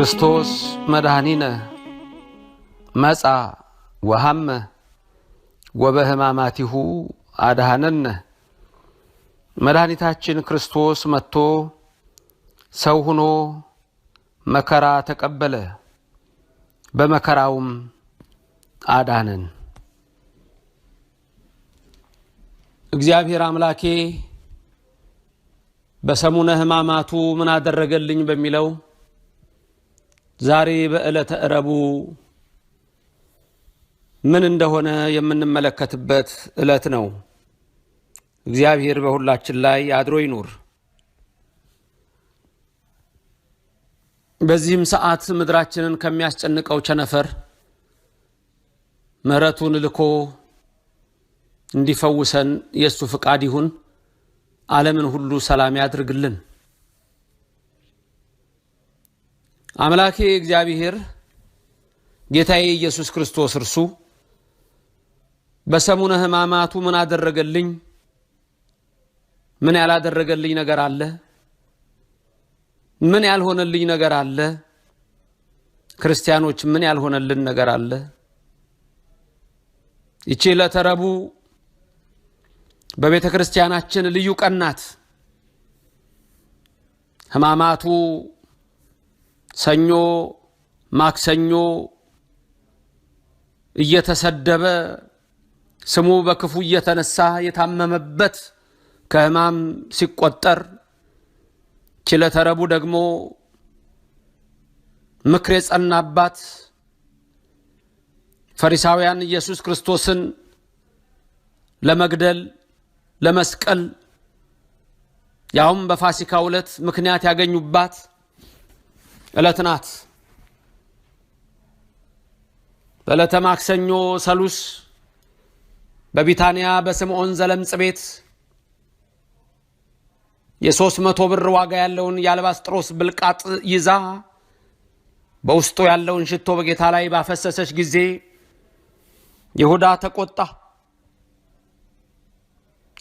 ክርስቶስ መድኃኒነ መጻ ወሐመ ይሁ አድሃነነ መድኃኒታችን ክርስቶስ መጥቶ ሰው ሆኖ መከራ ተቀበለ፣ በመከራውም አዳነን። እግዚአብሔር አምላኬ በሰሙነ ህማማቱ ምን አደረገልኝ በሚለው ዛሬ በዕለተ ረቡዕ ምን እንደሆነ የምንመለከትበት ዕለት ነው። እግዚአብሔር በሁላችን ላይ አድሮ ይኑር። በዚህም ሰዓት ምድራችንን ከሚያስጨንቀው ቸነፈር ምሕረቱን ልኮ እንዲፈውሰን የእሱ ፍቃድ ይሁን። ዓለምን ሁሉ ሰላም ያድርግልን። አምላኬ እግዚአብሔር ጌታዬ ኢየሱስ ክርስቶስ እርሱ በሰሙነ ሕማማቱ ምን አደረገልኝ? ምን ያላደረገልኝ ነገር አለ? ምን ያልሆነልኝ ነገር አለ? ክርስቲያኖች ምን ያልሆነልን ነገር አለ? ይቺ ዕለተ ረቡዕ በቤተ ክርስቲያናችን ልዩ ቀናት ሕማማቱ ሰኞ ማክሰኞ እየተሰደበ ስሙ በክፉ እየተነሳ የታመመበት ከሕማም ሲቆጠር ችለተረቡ ረቡዕ ደግሞ ምክር የጸናባት ፈሪሳውያን ኢየሱስ ክርስቶስን ለመግደል ለመስቀል ያውም በፋሲካ ዕለት ምክንያት ያገኙባት ዕለት ናት። በዕለተ ማክሰኞ ሰሉስ በቢታንያ በስምዖን ዘለምጽ ቤት የሦስት መቶ ብር ዋጋ ያለውን የአልባስጥሮስ ብልቃጥ ይዛ በውስጡ ያለውን ሽቶ በጌታ ላይ ባፈሰሰች ጊዜ ይሁዳ ተቆጣ።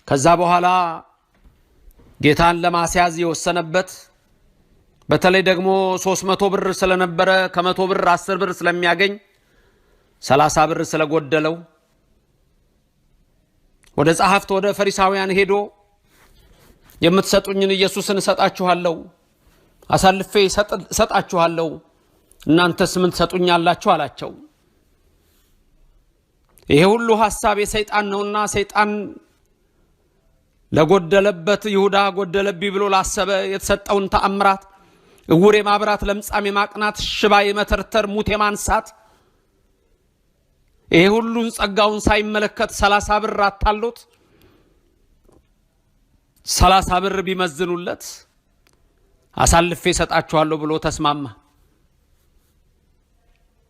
ከዛ በኋላ ጌታን ለማስያዝ የወሰነበት በተለይ ደግሞ 300 ብር ስለነበረ ከመቶ ብር 10 ብር ስለሚያገኝ 30 ብር ስለጎደለው ወደ ጸሐፍት ወደ ፈሪሳውያን ሄዶ የምትሰጡኝን ኢየሱስን እሰጣችኋለሁ፣ አሳልፌ እሰጣችኋለሁ፣ እናንተስ ምን ትሰጡኛላችሁ አላቸው። ይሄ ሁሉ ሐሳብ የሰይጣን ነውና ሰይጣን ለጎደለበት ይሁዳ ጎደለብኝ ብሎ ላሰበ የተሰጠውን ተአምራት እውር የማብራት ለምጻም የማቅናት ሽባ የመተርተር ሙት የማንሳት ይሄ ሁሉን ጸጋውን ሳይመለከት ሰላሳ ብር አታሎት ሰላሳ ብር ቢመዝኑለት አሳልፌ እሰጣችኋለሁ ብሎ ተስማማ።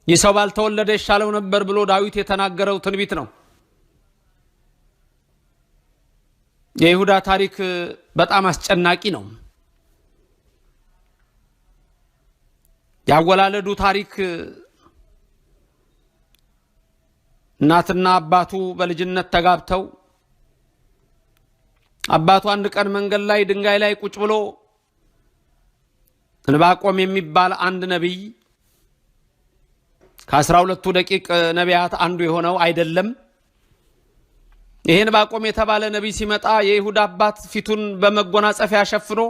ይህ ሰው ባልተወለደ ይሻለው ነበር ብሎ ዳዊት የተናገረው ትንቢት ነው። የይሁዳ ታሪክ በጣም አስጨናቂ ነው። ያወላለዱ ታሪክ እናትና አባቱ በልጅነት ተጋብተው አባቱ አንድ ቀን መንገድ ላይ ድንጋይ ላይ ቁጭ ብሎ እንባቆም የሚባል አንድ ነቢይ ከአስራ ሁለቱ ደቂቅ ነቢያት አንዱ የሆነው አይደለም። ይሄ ዕንባቆም የተባለ ነቢይ ሲመጣ የይሁድ አባት ፊቱን በመጎናጸፊያ ሸፍኖ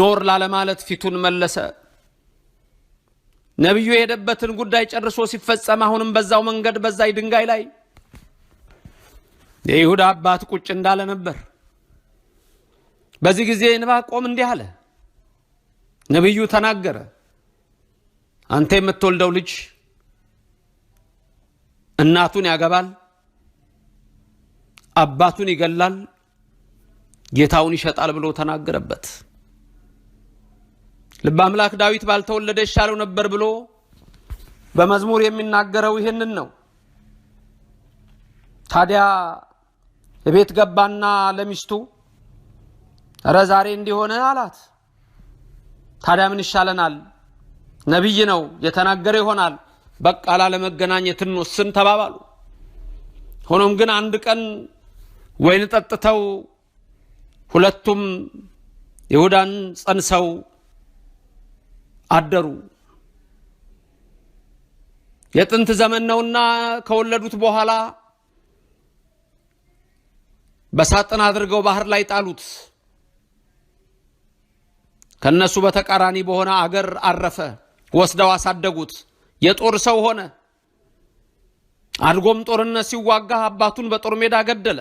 ኖር ላለማለት ፊቱን መለሰ። ነቢዩ የሄደበትን ጉዳይ ጨርሶ ሲፈጸም አሁንም በዛው መንገድ በዛይ ድንጋይ ላይ የይሁዳ አባት ቁጭ እንዳለ ነበር። በዚህ ጊዜ ዕንባቆም እንዲህ አለ። ነቢዩ ተናገረ። አንተ የምትወልደው ልጅ እናቱን ያገባል፣ አባቱን ይገላል፣ ጌታውን ይሸጣል ብሎ ተናገረበት። ልበ አምላክ ዳዊት ባልተወለደ ይሻለው ነበር ብሎ በመዝሙር የሚናገረው ይህንን ነው። ታዲያ እቤት ገባና ለሚስቱ እረ ዛሬ እንዲሆነ አላት። ታዲያ ምን ይሻለናል? ነቢይ ነው የተናገረ ይሆናል። በቃ ላለመገናኘት እንወስን ተባባሉ። ሆኖም ግን አንድ ቀን ወይን ጠጥተው ሁለቱም ይሁዳን ጸንሰው አደሩ። የጥንት ዘመን ነውና ከወለዱት በኋላ በሳጥን አድርገው ባህር ላይ ጣሉት። ከነሱ በተቃራኒ በሆነ አገር አረፈ። ወስደው አሳደጉት። የጦር ሰው ሆነ። አድጎም ጦርነት ሲዋጋ አባቱን በጦር ሜዳ ገደለ።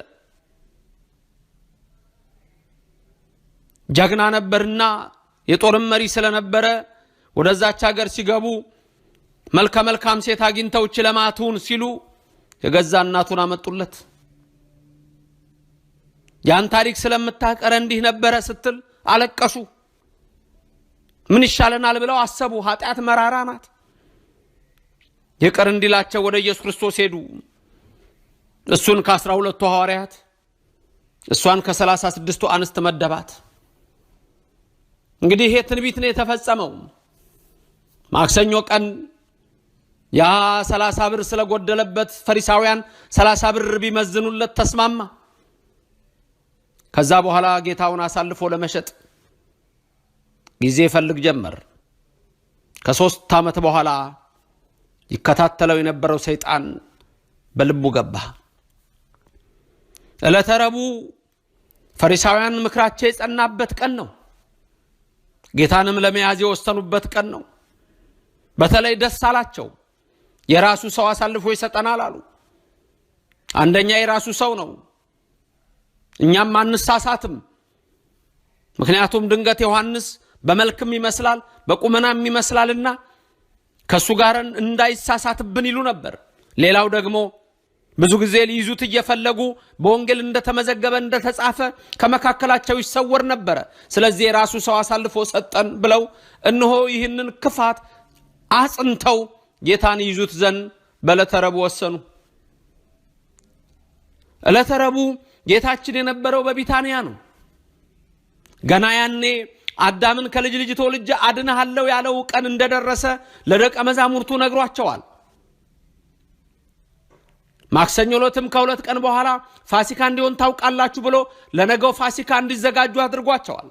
ጀግና ነበርና የጦርም መሪ ስለነበረ ወደዛች ሀገር ሲገቡ መልከ መልካም ሴት አግኝተው ችለማቱን ሲሉ የገዛ እናቱን አመጡለት። ያን ታሪክ ስለምታቀረ እንዲህ ነበረ ስትል አለቀሱ። ምን ይሻለናል ብለው አሰቡ። ኃጢአት መራራ ናት። ይቅር እንዲላቸው ወደ ኢየሱስ ክርስቶስ ሄዱ። እሱን ከአስራ ሁለቱ ሐዋርያት እሷን ከሰላሳ ስድስቱ አንስት መደባት። እንግዲህ ይሄ ትንቢት ነው የተፈጸመው። ማክሰኞ ቀን ያ ሰላሳ ብር ስለጎደለበት ፈሪሳውያን ሰላሳ ብር ቢመዝኑለት ተስማማ። ከዛ በኋላ ጌታውን አሳልፎ ለመሸጥ ጊዜ ይፈልግ ጀመር። ከሶስት ዓመት በኋላ ይከታተለው የነበረው ሰይጣን በልቡ ገባ። ዕለተ ረቡዕ ፈሪሳውያን ምክራቸው የጸናበት ቀን ነው። ጌታንም ለመያዝ የወሰኑበት ቀን ነው። በተለይ ደስ አላቸው። የራሱ ሰው አሳልፎ ይሰጠናል አሉ። አንደኛ የራሱ ሰው ነው፣ እኛም አንሳሳትም። ምክንያቱም ድንገት ዮሐንስ በመልክም ይመስላል በቁመናም ይመስላልና ከእሱ ጋር እንዳይሳሳትብን ይሉ ነበር። ሌላው ደግሞ ብዙ ጊዜ ሊይዙት እየፈለጉ በወንጌል እንደተመዘገበ እንደተጻፈ ከመካከላቸው ይሰወር ነበረ። ስለዚህ የራሱ ሰው አሳልፎ ሰጠን ብለው እነሆ ይህንን ክፋት አጽንተው ጌታን ይዙት ዘንድ በዕለተ ረቡዕ ወሰኑ። ዕለተ ረቡዕ ጌታችን የነበረው በቢታንያ ነው። ገና ያኔ አዳምን ከልጅ ልጅ ተወልጄ አድንሃለሁ ያለው ቀን እንደደረሰ ለደቀ መዛሙርቱ ነግሯቸዋል። ማክሰኞ ዕለትም ከሁለት ቀን በኋላ ፋሲካ እንዲሆን ታውቃላችሁ ብሎ ለነገው ፋሲካ እንዲዘጋጁ አድርጓቸዋል።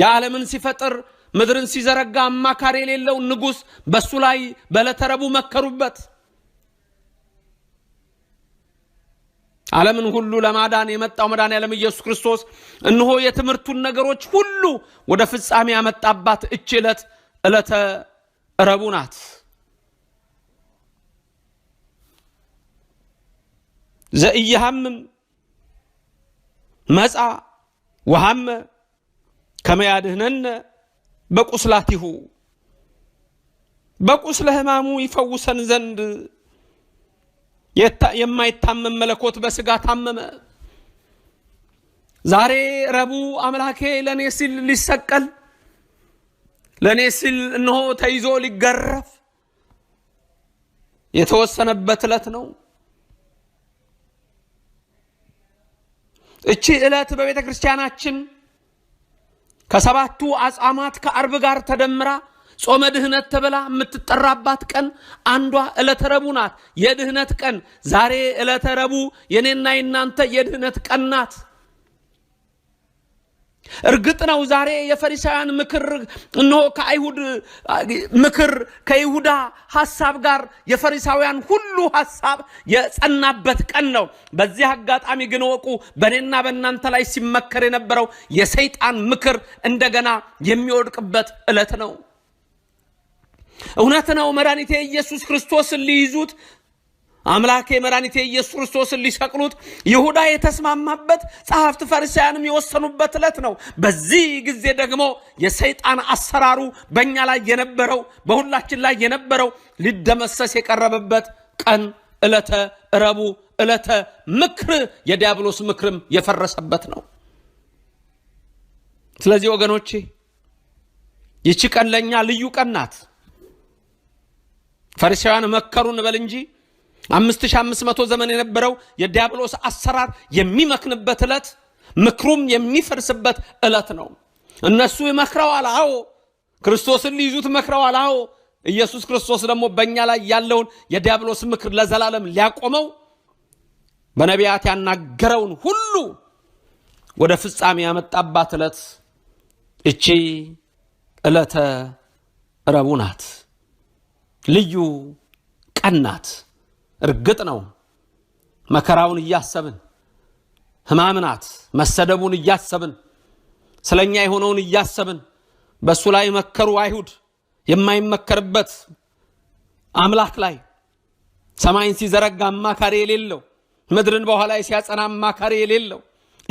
የዓለምን ሲፈጥር ምድርን ሲዘረጋ አማካሪ የሌለው ንጉሥ በእሱ ላይ በለተረቡ መከሩበት። ዓለምን ሁሉ ለማዳን የመጣው መድኃኔዓለም ኢየሱስ ክርስቶስ እነሆ የትምህርቱን ነገሮች ሁሉ ወደ ፍጻሜ ያመጣባት እች ዕለት ዕለተ ረቡዕ ናት። ዘኢየሐምም መጻ ወሐመ ከመ በቁስላቲሁ በቁስለ ሕማሙ ይፈውሰን ዘንድ የማይታመም መለኮት በስጋ ታመመ። ዛሬ ረቡዕ አምላኬ ለእኔ ሲል ሊሰቀል ለእኔ ሲል እነሆ ተይዞ ሊገረፍ የተወሰነበት ዕለት ነው። እቺ ዕለት በቤተ ክርስቲያናችን ከሰባቱ አጽዋማት ከአርብ ጋር ተደምራ ጾመ ድህነት ተብላ የምትጠራባት ቀን አንዷ ዕለተ ረቡዕ ናት። የድህነት ቀን ዛሬ ዕለተ ረቡዕ የኔና የናንተ የድህነት ቀን ናት። እርግጥ ነው ዛሬ የፈሪሳውያን ምክር እነሆ ከአይሁድ ምክር ከይሁዳ ሀሳብ ጋር የፈሪሳውያን ሁሉ ሀሳብ የጸናበት ቀን ነው። በዚህ አጋጣሚ ግን ወቁ፣ በእኔና በእናንተ ላይ ሲመከር የነበረው የሰይጣን ምክር እንደገና የሚወድቅበት ዕለት ነው። እውነት ነው። መድኃኒቴ ኢየሱስ ክርስቶስን ሊይዙት አምላኬ የመድኃኒቴ ኢየሱስ ክርስቶስን ሊሰቅሉት ይሁዳ የተስማማበት ጸሐፍት ፈሪሳውያንም የወሰኑበት ዕለት ነው። በዚህ ጊዜ ደግሞ የሰይጣን አሰራሩ በእኛ ላይ የነበረው በሁላችን ላይ የነበረው ሊደመሰስ የቀረበበት ቀን ዕለተ ረቡ ዕለተ ምክር፣ የዲያብሎስ ምክርም የፈረሰበት ነው። ስለዚህ ወገኖቼ ይቺ ቀን ለእኛ ልዩ ቀን ናት። ፈሪሳውያን መከሩን በል እንጂ አምስት ሺህ አምስት መቶ ዘመን የነበረው የዲያብሎስ አሰራር የሚመክንበት ዕለት ምክሩም የሚፈርስበት ዕለት ነው። እነሱ ይመክረዋል፣ አዎ። ክርስቶስን ሊይዙት መክረዋል፣ አዎ። ኢየሱስ ክርስቶስ ደግሞ በእኛ ላይ ያለውን የዲያብሎስ ምክር ለዘላለም ሊያቆመው በነቢያት ያናገረውን ሁሉ ወደ ፍጻሜ ያመጣባት ዕለት እቺ ዕለተ ረቡዕ ናት። ልዩ ቀን ናት። እርግጥ ነው መከራውን እያሰብን ሕማምናት መሰደቡን እያሰብን ስለ እኛ የሆነውን እያሰብን በእሱ ላይ መከሩ አይሁድ የማይመከርበት አምላክ ላይ ሰማይን ሲዘረጋ አማካሪ የሌለው ምድርን በኋላ ሲያጸና አማካሪ የሌለው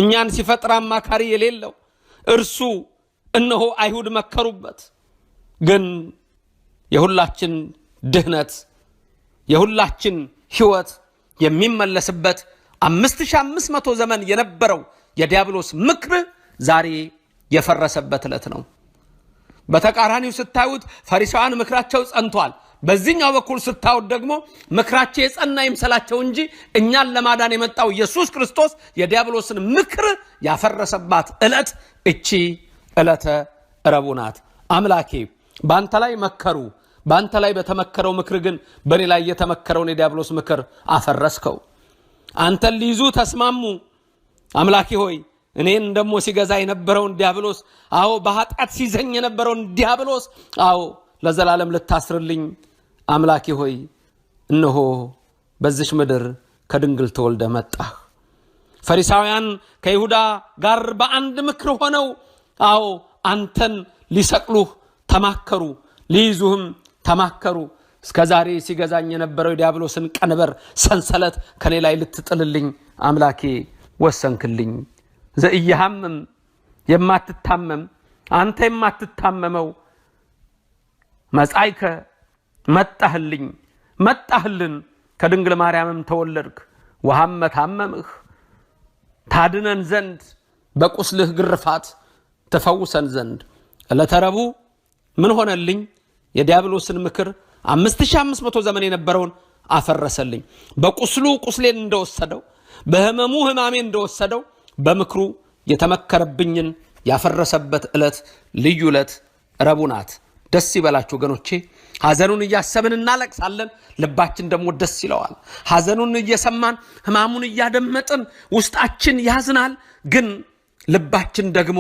እኛን ሲፈጥር አማካሪ የሌለው እርሱ እነሆ አይሁድ መከሩበት። ግን የሁላችን ድህነት የሁላችን ህይወት የሚመለስበት አምስት ሺህ አምስት መቶ ዘመን የነበረው የዲያብሎስ ምክር ዛሬ የፈረሰበት ዕለት ነው። በተቃራኒው ስታዩት ፈሪሳውያን ምክራቸው ጸንቷል። በዚህኛው በኩል ስታዩት ደግሞ ምክራቸው የጸና ይምሰላቸው እንጂ እኛን ለማዳን የመጣው ኢየሱስ ክርስቶስ የዲያብሎስን ምክር ያፈረሰባት ዕለት እቺ ዕለተ ረቡዕ ናት። አምላኬ በአንተ ላይ መከሩ በአንተ ላይ በተመከረው ምክር ግን በእኔ ላይ የተመከረውን የዲያብሎስ ምክር አፈረስከው። አንተን ሊይዙ ተስማሙ። አምላኬ ሆይ እኔን ደግሞ ሲገዛ የነበረውን ዲያብሎስ፣ አዎ በኃጢአት ሲዘኝ የነበረውን ዲያብሎስ፣ አዎ ለዘላለም ልታስርልኝ አምላኬ ሆይ እነሆ በዚች ምድር ከድንግል ተወልደ መጣህ። ፈሪሳውያን ከይሁዳ ጋር በአንድ ምክር ሆነው አዎ አንተን ሊሰቅሉህ ተማከሩ ሊይዙህም ተማከሩ። እስከ ዛሬ ሲገዛኝ የነበረው ዲያብሎስን ቀንበር ሰንሰለት ከኔ ላይ ልትጥልልኝ አምላኬ ወሰንክልኝ። ዘእያሃምም የማትታመም አንተ የማትታመመው መጻይከ መጣህልኝ መጣህልን ከድንግል ማርያምም ተወለድክ ውሃም መታመምህ ታድነን ዘንድ በቁስልህ ግርፋት ትፈውሰን ዘንድ ዕለተ ረቡዕ ምን ሆነልኝ? የዲያብሎስን ምክር 5500 ዘመን የነበረውን አፈረሰልኝ። በቁስሉ ቁስሌን እንደወሰደው፣ በህመሙ ህማሜ እንደወሰደው በምክሩ የተመከረብኝን ያፈረሰበት ዕለት ልዩ ዕለት ረቡዕ ናት። ደስ ይበላችሁ ወገኖቼ። ሐዘኑን እያሰብን እናለቅሳለን፣ ልባችን ደግሞ ደስ ይለዋል። ሐዘኑን እየሰማን ህማሙን እያደመጥን ውስጣችን ያዝናል፣ ግን ልባችን ደግሞ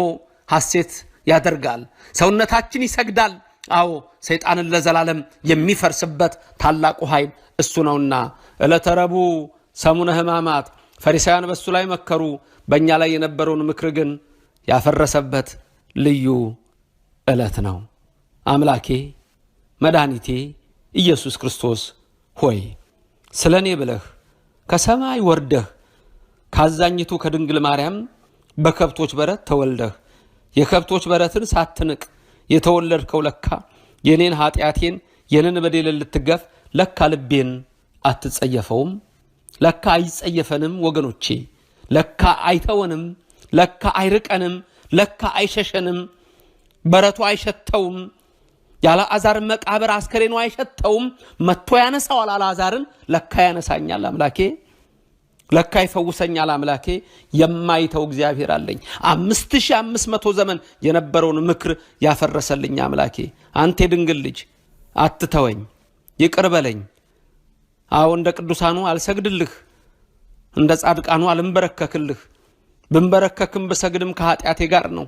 ሐሴት ያደርጋል። ሰውነታችን ይሰግዳል። አዎ ሰይጣንን ለዘላለም የሚፈርስበት ታላቁ ኃይል እሱ ነውና። ዕለተ ረቡዕ ሰሙነ ሕማማት ፈሪሳውያን በእሱ ላይ መከሩ፣ በእኛ ላይ የነበረውን ምክር ግን ያፈረሰበት ልዩ ዕለት ነው። አምላኬ መድኃኒቴ ኢየሱስ ክርስቶስ ሆይ ስለ እኔ ብለህ ከሰማይ ወርደህ ከአዛኝቱ ከድንግል ማርያም በከብቶች በረት ተወልደህ የከብቶች በረትን ሳትንቅ የተወለድከው ለካ የኔን ኃጢአቴን የንን በደል ልትገፍ ለካ ልቤን አትጸየፈውም። ለካ አይጸየፈንም ወገኖቼ፣ ለካ አይተወንም፣ ለካ አይርቀንም፣ ለካ አይሸሸንም። በረቱ አይሸተውም። አዛር መቃብር አስከሬኑ አይሸተውም። መጥቶ ያነሳዋል አልዓዛርን። ለካ ያነሳኛል አምላኬ ለካ ይፈውሰኛል አምላኬ የማይተው እግዚአብሔር አለኝ። አምስት ሺህ አምስት መቶ ዘመን የነበረውን ምክር ያፈረሰልኝ አምላኬ አንተ የድንግል ልጅ አትተወኝ፣ ይቅር በለኝ። አዎ እንደ ቅዱሳኑ አልሰግድልህ፣ እንደ ጻድቃኑ አልንበረከክልህ። ብንበረከክም ብሰግድም ከኃጢአቴ ጋር ነው።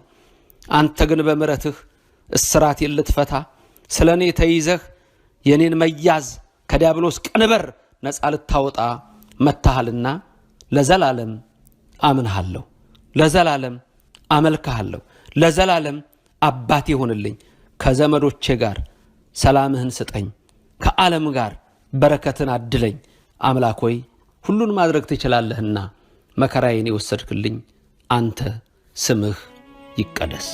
አንተ ግን በምረትህ እስራቴን ልትፈታ ስለ እኔ ተይዘህ የእኔን መያዝ ከዲያብሎስ ቀንበር ነፃ ልታወጣ መታሃልና ለዘላለም አምንሃለሁ፣ ለዘላለም አመልክሃለሁ፣ ለዘላለም አባቴ የሆንልኝ ከዘመዶቼ ጋር ሰላምህን ስጠኝ፣ ከዓለም ጋር በረከትን አድለኝ። አምላክ ሆይ ሁሉን ማድረግ ትችላለህና መከራዬን የወሰድክልኝ አንተ ስምህ ይቀደስ።